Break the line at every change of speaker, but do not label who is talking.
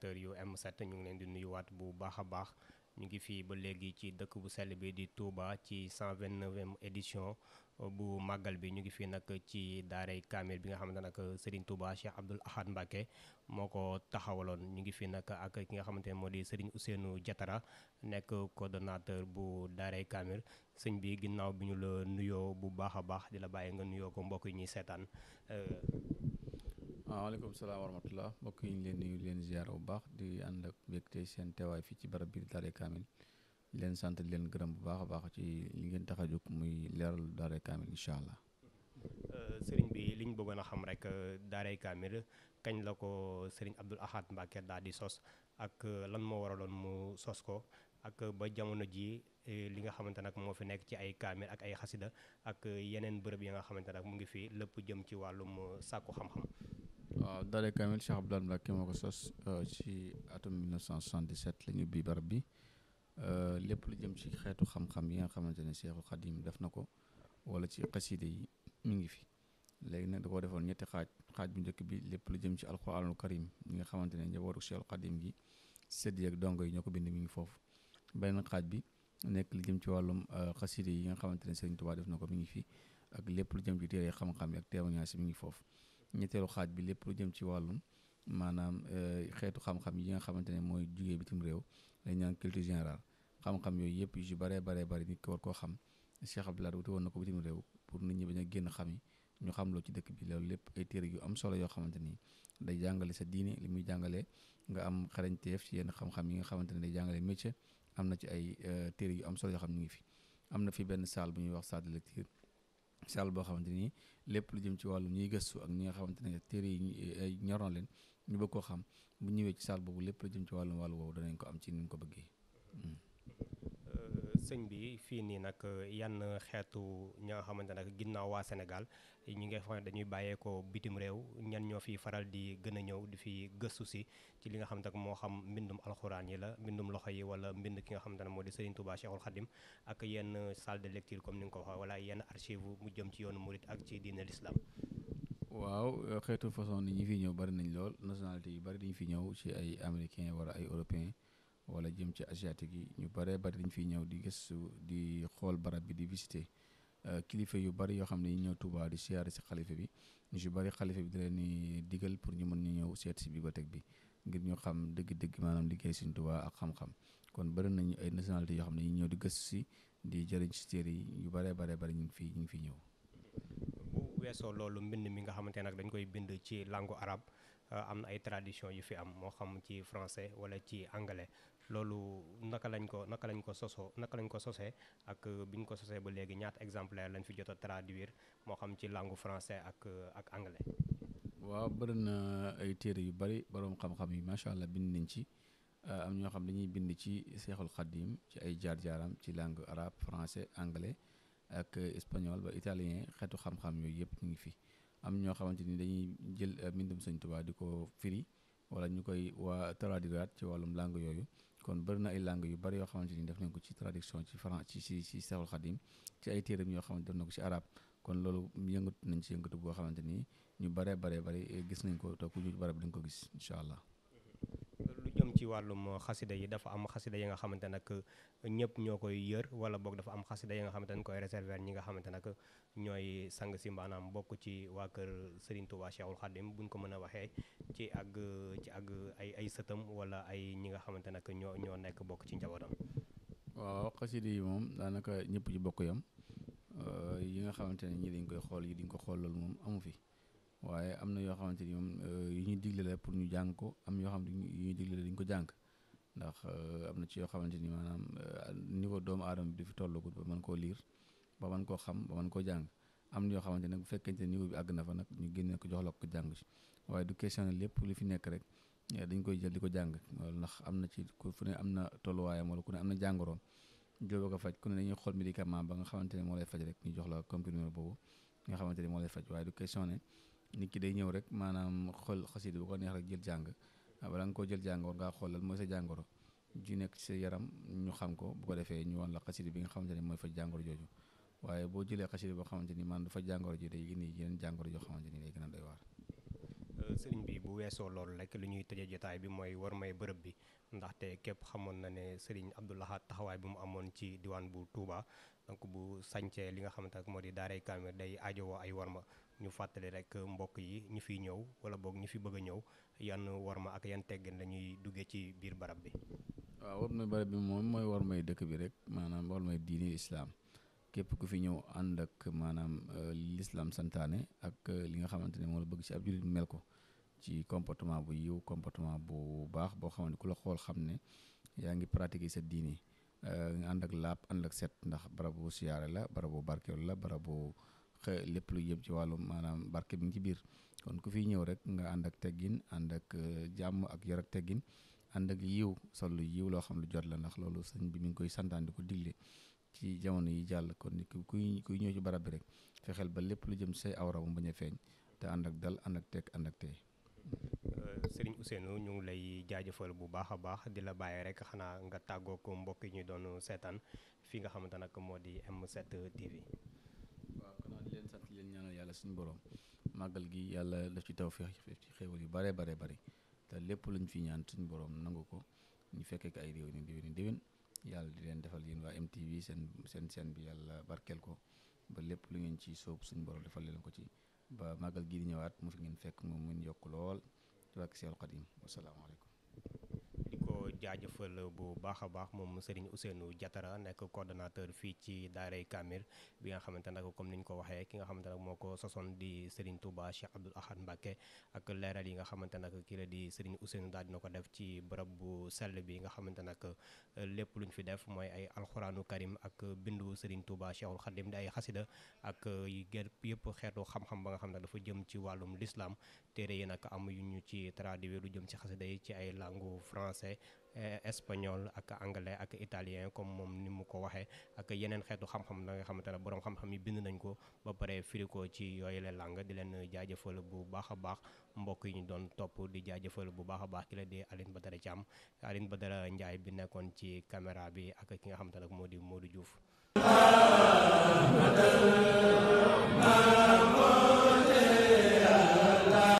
téléspectateurs yu M7 ñu ngi leen di nuyuwaat bu baax a baax ñu ngi fii ba léegi ci dëkk bu sell bi di Touba ci 129e édition euh, bu màggal bi ñu ngi fii nag ci daaray kaamil bi nga xamante nag Serigne Touba Cheikh Abdoul moo ko taxawaloon ñu ngi fii nag ak ki nga xamante ne moo di Serigne Ousseynou Diatara nekk coordonnateur bu daaray kaamil sëñ bi ginnaaw bi ñu la nuyoo bu baax a baax di la bàyyi nga nuyoo ko mbokk yi ñuy seetaan euh, waaleykum salaam warahmatullah
mbokk yi ñu leen nuyu leen ziar bu baax di ànd ak mbégte seen teewaay fii ci barab biir Daaray Kaamil di leen sant di leen gërëm bu baax a baax ci li ngeen tax a jóg muy leeral Daaray Kaamil incha allah.
Eh, sëriñ bi liñ bëggoon a xam rek Daaray Kaamil kañ la ko sëriñ Abdul Ahad Mbacke daal di sos eh, ak lan moo waraloon mu sos ko ak ba jamono ji li nga xamante nag moo fi nekk ci ay kaamil ak ay xasida ak yeneen bërëb yi nga xamante nag mu ngi fi lépp jëm ci wàllum sàkku xam-xam.
waaw Daaray Kamil Cheikh Abdoul Ahad Mbacké moo ko sos ci atum 1977 la ñu ubbi barab bi lépp lu jëm ci xeetu xam-xam yi nga xamante ne Cheikhul Khadim def na ko wala ci xaside yi mi ngi fi léegi nag da koo defoon ñetti xaaj xaaj bu njëkk bi lépp lu jëm ci alxuraanul karim ñi nga xamante ne njabootu Cheikhul Khadim gi sedd yeeg dongo yi ñoo ko bind mi ngi foofu beneen xaaj bi nekk lu jëm ci wàllum xaside yi nga xamante ne Serigne Touba def na ko mi ngi fi ak lépp lu jëm ci téere xam-xam yi ak témoignage mi ngi foofu ñetteelu xaaj bi lépp lu jëm ci wàllum maanaam euh, xeetu xam-xam yi nga xamante ne mooy jugee bitim réew dañ naan culture générale xam-xam yooyu yëpp yu si baree baree bari nit ko war koo xam Cheikh Abdoulaye woon na ko bitim réew pour nit ñi bañ a génn xam yi ñu xam loo ci dëkk bi loolu lépp ay téere yu am solo yoo xamante ni day jàngale sa diine li muy jàngale nga am xarañteef ci yenn xam yi nga xamante ne day jàngale métier am na ci ay euh, téere yu am solo yoo xam ñu ngi fi am na fi benn salle bu ñuy wax salle de lecture saal boo xamante ni lépp lu jëm ci wàllu ñuy gëstu ak ñi nga xamante ne téere yi ñor na leen ñu bëgg koo xam bu ñëwee ci saal boobu lépp lu jëm ci wàllu wàllu woowu danañ ko am ci ni mu ko bëggee. Hmm.
sëñ bi fii nii nag euh, yan xeetu ñi nga xamante ne ginnaaw waa Sénégal ñi nga xam dañuy bàyyeekoo bitim réew ñan ñoo fi faral di gën a ñëw di fi gëstu si ci li nga xamante ne moo xam mbindum alxuraan la mbindum loxo yi wala mbind ki xamante ne moo di Serigne Touba Cheikhul Khadim ak comme ni nga ko waxee wala yenn archive mu jëm ci yoonu murit ak ci diine
waaw xeetu façon ni ñu fi ñëw bari nañ lool nationalité yi bari dañu fi ñëw ci ay américains wara ay européens. wala jëm ci asiatique yi ñu bëree bari dañ fiy ñëw di gëstu di xool barab bi di visiter euh, kilifa yu bari yoo xam ne ñu ñëw Touba di siyaare si xalifa bi ñu si bari xalifa bi di leen di digal pour ñu mën ñu ñëw seet si bibliothèque bi ngir ñu xam dëgg-dëgg maanaam liggéey Sëriñ Tuubaa ak xam-xam kon bëri nañu ay nationalité yoo xam ne ñu ñëw di gëstu si di jëriñ si téere yi ñu bëree baree bëri ñu ngi fii ñu ngi fi ñëw
bu weesoo loolu mbind mi nga xamante nag dañ koy bind ci langue arabe euh, am na ay tradition yu fi am moo xam ci français wala ci anglais loolu naka lañ ko naka lañ ko sosoo naka lañ ko sosee ak biñ ko sosee ba léegi ñaata exemplaire lañ fi jot a moo xam ci langue français ak ak anglais.
waaw bëri ay téere yu bari boroom xam-xam yi macha allah bind nañ ci euh, am ñoo xam dañuy bind ci seexul xaddim ci ay jaar-jaaram ci langue arabe francais anglais ak espagnol ba italien xeetu xam-xam yooyu yëpp ñu ngi fi. am ñoo xamante ni dañuy jël euh, mbindum sëñ Tuubaa di ko firi wala ñu koy waa traduiraat ci wàllum langue yooyu kon bëri na ay langues yu bari yoo xamante ni def nañ ko ci tradition ci faran ci ci ci Seexul Xadim ci ay téeram yoo xamante def na ko ci arab kon loolu yëngatu nañ ci yëngatu boo xamante ni ñu baree baree bari eh, gis nañ ko te ku ñu barab di nga ko gis incha allah
ci wàllu wàllum xasida yi dafa am xasida yi nga xamante nag ñëpp ñoo koy yër wala boog dafa am xasida yi nga xamante dañ koy réserver ñi nga xamante nag ñooy sang si maanaam bokk ci waa kër Serigne Touba Cheikhul Khadim buñ ko mën a waxee ci ak ci ak ay ay sëtam wala ay ñi nga xamante nag ñoo ñoo nekk bokk ci njabootam.
waaw xasida yi moom daanaka ñëpp ci bokk yam yi nga xamante ne ñii dañ koy xool yi di ñu ko xool moom amu fi. waaye am na yoo xamante ni moom euh, yu ñu digle la pour ñu jàng ko am yoo xam ne yu ñu digle la dañ ko jàng ndax euh, am na ci yoo xamante ni maanaam euh, niveau doomu aadama bi dafa tollagut ba mën koo liir ba mën koo xam ba mën koo jàng am na yoo xamante nag bu fekkente niveau bi àgg na fa nag ñu génne ko jox la ko jàng ci waaye du question ne li fi nekk rek dañ koy jël di ko jàng ndax am na ci ku fu ne na tolluwaayam wala ku ne am na jàngoroom jooba ko faj ku ne dañuy xool médicament ba nga xamante ne moo lay faj rek ñu jox la comprimé boobu nga xamante ne moo lay faj waaye du question ne nit ki day ñëw rek maanaam xool xasida bu ko neex rek jël jàng ah, bala nga koo jël jàng war ngaa xoolal mooy sa jàngoro ju nekk ci sa yaram ñu xam ko bu ko defee ñu wan la xasida bi nga xamante ne mooy fa jàngoro jooju waaye boo jëlee xasida boo xamante ni man du faj jàngoro ji day indi yeneen jàngoro joo xamante ni day gën a doy waar
sëriñ bi bu weesoo loolu rek li ñuy tëjee jotaay bi mooy war may bërëb bi ndaxte képp xamoon na ne sëriñ Abdou Lahad taxawaay bu mu amoon ci diwaan bu Touba donc bu sañcee li nga xamante ak moo di daaray kaamil day aajowoo ay war ma ñu fàttali rek mbokk yi ñu fiy ñëw wala boog ñu fi bëgg a ñëw yan war ma ak yan teggin la dugge ci biir barab bi.
waaw war may barab bi moom mooy war may dëkk bi rek maanaam war may diini islaam képp ku fi ñëw ànd ak maanaam euh, l'islam santaane ak euh, li nga xamante ne moom la bëgg ci ab jullit mel ko ci comportement bu yiw comportement bu baax boo xamante ku la xool xam ne yaa ngi pratiquer sa diini euh, nga ànd ak laab ànd ak set ndax barabu siyaare la barabu barkeelu la barabu xe lépp lu yëpp ci wàllu maanaam barke bi bir, ci biir kon ku fi ñëw rek nga ànd ak teggin ànd ak jàmm ak andak ak teggin ànd ak yiw sol lu yiw loo xam lu jot la ndax loolu sëñ bi mi ngi koy santaan di ko ci jamono yi jàll kon nit ku kuy kuy ñëw ci barab bi rek fexeel ba lépp lu jëm say awra mu bañ a feeñ te ànd ak dal ànd ak teg ànd ak tey.
Euh, sëriñ Ousseynou ñu ngi lay jaajëfal bu baax a baax di la bàyyi rek xanaa nga tàggoog mbokk yi ñu doon seetaan fi nga xamante nag moo di M7 TV.
waaw xanaa di leen sant di leen ñaanal yàlla suñu borom màggal gi yàlla daf ci taw feex ci xéewal yu bare bare bari te lépp lañ fi ñaan suñu borom nangu ko ñu fekkee ko ay réew yàlla di leen defal yéen waa MTV seen seen seen bi yàlla barkeel ko ba lépp lu ngeen ci soob suñu borom defal leen ko ci ba màggal gii ñëwaat mu fi ngeen fekk mu mun yokk lool ci wàkk Seexul Xadiim wasalaamaaleykum
jaajëfal bu baax a baax moom Serigne Ousseynou Diatara nekk coordonnateur fii ci daaray Kamil bi nga xamante nag comme ni ñu ko waxee ki nga xamante nag moo ko sosoon di Serigne Touba Cheikh Abdoul Ahad Mbacké ak leeral yi nga xamante nag kii la di Serigne Ousseynou daal dina ko def ci bërëb bu sell bi nga xamante nag lépp luñ fi def mooy ay alxuraanu karim ak bindu Serigne Touba Cheikhul Khadim di ay xasida ak gër yëpp xeetu xam-xam ba nga xam ne dafa jëm ci wàllum lislaam téere yi nag am ñu ci traduire lu jëm ci xasida yi ci ay langue français Eh, espagnol ak anglais ak italien comme moom ni mu ko waxee ak yeneen xeetu xam-xam da nga xamante ne borom xam-xam yi bind nañ ko ba pare firi ko ci yooyu la lang di leen jaajëfal bu baax a baax mbokk yi ñu doon topp di jaajëfal bu baax a baax ki la di ba Alioune Badara Thiam ba dara Ndiaye bi nekkoon ci caméra bi ak ki nga xamante ne moo di Modou Diouf.